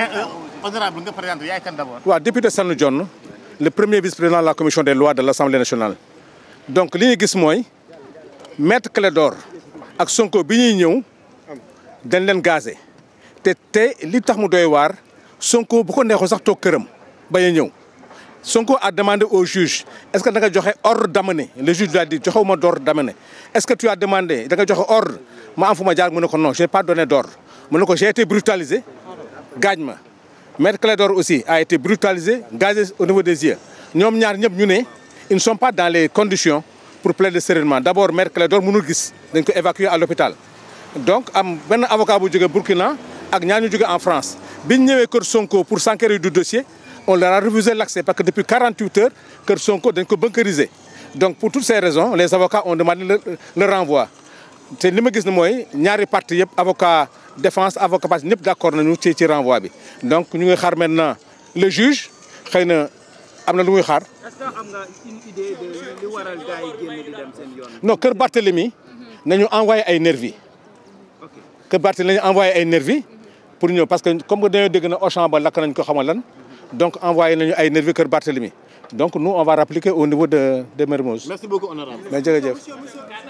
mais euh, nga présenté yaay kan d'abord. waaw député Sanu Dione le premier vice-président de la commission des lois de l'Assemblée nationale. donc li ñu gis mooy maître Clédor ak Sonko bi ñuy ñëw dañ leen gazé te te li tax mu doy waar Sonko bu ko neexoon sax toog këram bañ a ñëw. Sonko a demandé au juge est-ce que da nga joxe ordre d'amener le juge doit dire joxewuma d'ordre d'amener est-ce que tu a demande da nga joxe ordre ma am fu ma jaar mu ne ko non j'ai pas donné d'ordre mu ne ko j'ai été brutalisé Gagme Maître Clédor aussi a été brutalisé gazé au des yeux ñoom ñaar ñëpp ñu ne ils ne sont pas dans les conditions pour plaider sereinement d' abord Maître Clédor mënul gis dañ ko évacuer à l'hôpital donc am benn avocat bu jógee Burkina ak ñaar ñu jógee en France biñ ñëwee kër Sonko pour s'enquérir du dossier on leur a refusé l'accès parce que depuis heures kër Sonko dañ ko bunkeriser donc pour toutes ces raisons les avocats ont demandé le, le renvoi défense avocat Pastef ñëpp d' accord nañu ci ci renvoi bi donc ñu ngi xaar maintenant le juge xëy na am na lu muy xaar. est ce que am Kër Barthélemy nañu envoyé ay nervi Kër Barthélemy nañu envoyé ay nervi pour ñëw parce que comme que dañoo dégg na Auchan ba lakk nañ ko xamal lan donc envoyé nañu ay nervi Kër Barthélemy donc nous on va répliquer au niveau de de Mermoz. merci beaucoup honorable mais